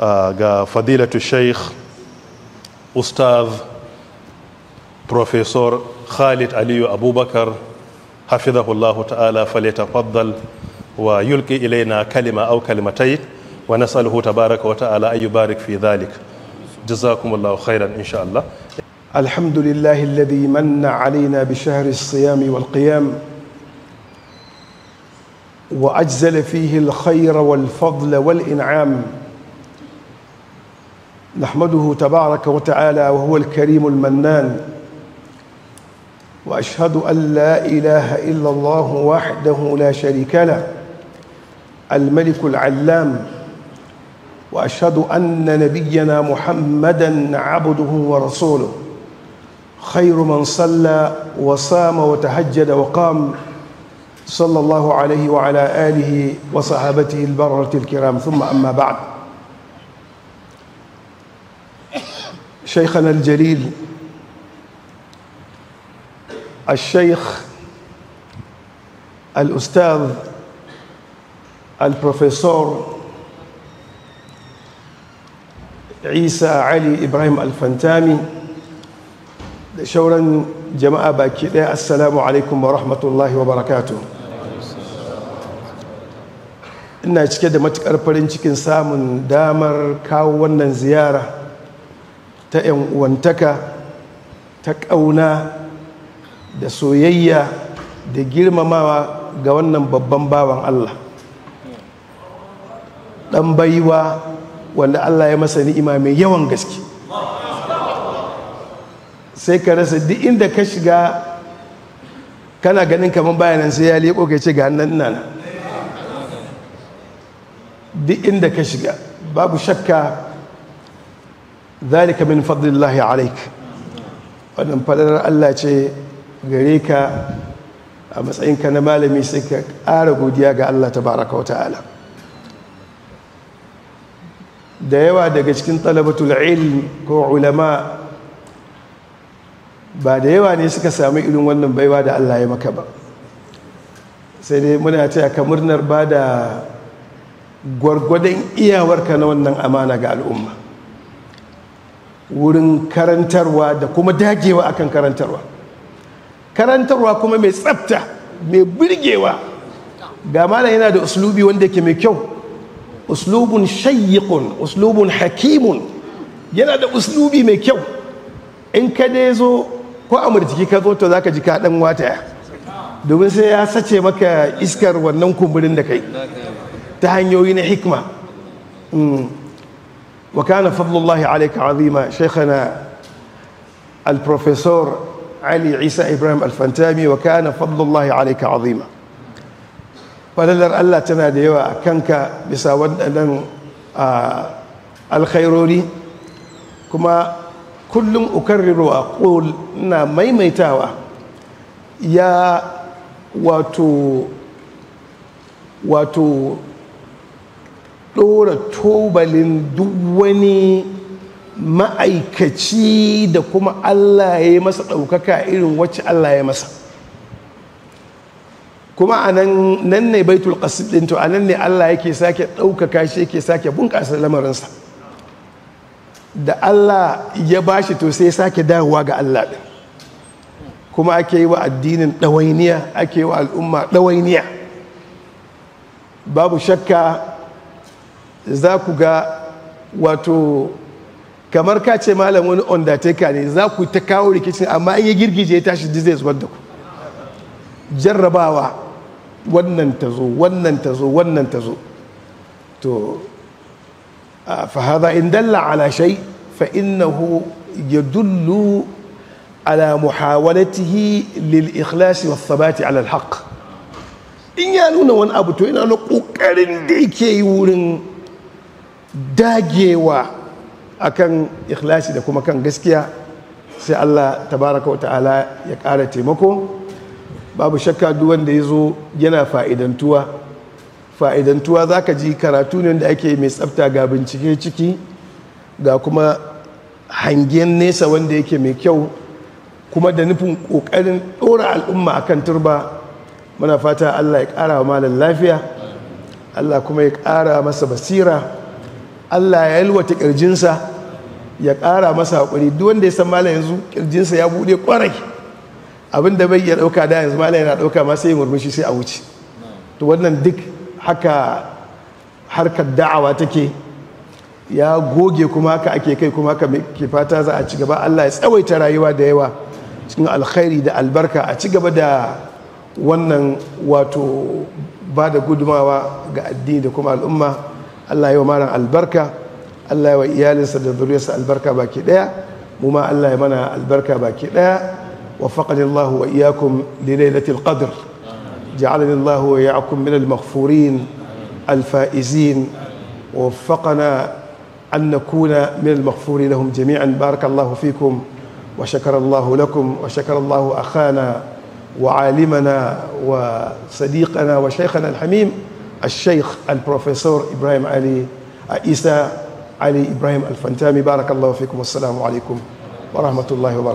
آه، فضيلة الشيخ أستاذ بروفيسور خالد علي أبو بكر حفظه الله تعالى فليتفضل ويلقي إلينا كلمة أو كلمتين ونسأله تبارك وتعالى أن يبارك في ذلك جزاكم الله خيرا إن شاء الله الحمد لله الذي من علينا بشهر الصيام والقيام وأجزل فيه الخير والفضل والإنعام نحمده تبارك وتعالى وهو الكريم المنان واشهد ان لا اله الا الله وحده لا شريك له الملك العلام واشهد ان نبينا محمدا عبده ورسوله خير من صلى وصام وتهجد وقام صلى الله عليه وعلى اله وصحابته البرره الكرام ثم اما بعد شيخنا الجليل الشيخ الأستاذ البروفيسور عيسى علي إبراهيم الفنتامي شورا جماعة باكي السلام عليكم ورحمة الله وبركاته ina cike da matukar farin cikin samun damar kawo wannan ziyara ta 'yan ta ƙauna da soyayya da girmamawa ga wannan babban bawan Allah ɗan baiwa wanda Allah ya masa ni'ima mai yawan gaske sai ka rasa duk inda ka shiga kana ganin kamar bayanan sai ya leƙo ka ce ga hannun nan duk inda ka shiga babu shakka zalika min fadlillahi alaik wannan fadalar Allah ce gare ka a ka na malami sai ka ƙara godiya ga Allah tabaraka wa ta'ala da yawa daga cikin talabatul ilm ko ulama ba da yawa ne suka samu irin wannan baiwa da Allah ya maka ba sai dai muna ce ka murnar ba da gwargwadon iyawarka na wannan amana ga al'umma wurin karantarwa da kuma dagewa akan karantarwa karantarwa kuma mai tsafta mai birgewa ga mana yana da uslubi wanda ke mai kyau uslubun shayyikun uslubun hakimun yana da uslubi mai kyau in ka dai zo ko a murtiki ka zo to za ka ji ka wata ya domin sai ya sace maka iskar wannan kumburin da kai ta hanyoyi na hikma hmm. وكان فضل الله عليك عظيما شيخنا البروفيسور علي عيسى ابراهيم الفنتامي وكان فضل الله عليك عظيما فلنر الله تنادي وكانك بساود ان آه، الخيروني كما كل اكرر واقول ان مي ميتاوى يا واتو واتو ɗora tobalin duk wani ma'aikaci da kuma Allah ya yi masa ɗaukaka irin wacce Allah ya masa kuma a nan ne baitul qasid din to a nan ne Allah yake sake ɗaukaka shi yake sake bunƙasa lamarinsa da Allah ya bashi to sai sake dawowa ga Allah ɗin kuma ake yi wa addinin ɗawainiya ake yi wa al'umma ɗawainiya babu shakka za ku ga wato kamar ka ce malam wani undertaker ne za ku ta kawo rikicin amma in ya girgije ya tashi zai zuwa da ku jarrabawa wannan ta zo wannan ta zo wannan ta zo to fahada in dalla ala shai fa innahu yadullu ala muhawalatihi lil ikhlasi wa sabati ala in ya nuna wani abu to ina na kokarin da yake yi wurin dagewa akan ikhlasi da kuma kan gaskiya sai Allah tabaraka wa ta'ala ya ƙara taimako babu shakka duk wanda ya zo yana fa'idantuwa fa'idantuwa za ka ji karatu ne da ake mai tsafta ga bincike ciki ga kuma hangen nesa wanda yake mai kyau kuma da nufin ƙoƙarin ɗora al'umma a kan turba muna fata Allah ya ƙara wa malar lafiya Allah kuma ya ƙara masa basira Allah ya yalwata kirjinsa ya ƙara masa haƙuri duk wanda ya san malam yanzu kirjinsa ya buɗe kwarai abinda bai ya ɗauka da yanzu malam yana ɗauka masu sai murmushi sai a wuce to wannan duk haka harkar da'awa take ya goge kuma haka ake kai kuma ka ke fata za a ci gaba Allah ya tsawaita rayuwa da yawa cikin alkhairi da albarka a ci gaba da wannan wato ba da gudumawa ga addini da kuma al'umma الله ya yi البركة الله albarka الذرية البركة wa وما الله zuriyarsa albarka baki وفقني الله وإياكم لليلة القدر جعلني الله وإياكم من المغفورين الفائزين ووفقنا أن نكون من المغفورين لهم جميعا بارك الله فيكم وشكر الله لكم وشكر الله أخانا وعالمنا وصديقنا وشيخنا الحميم الشيخ البروفيسور إبراهيم علي عيسى علي إبراهيم الفنتامي بارك الله فيكم والسلام عليكم ورحمة الله وبركاته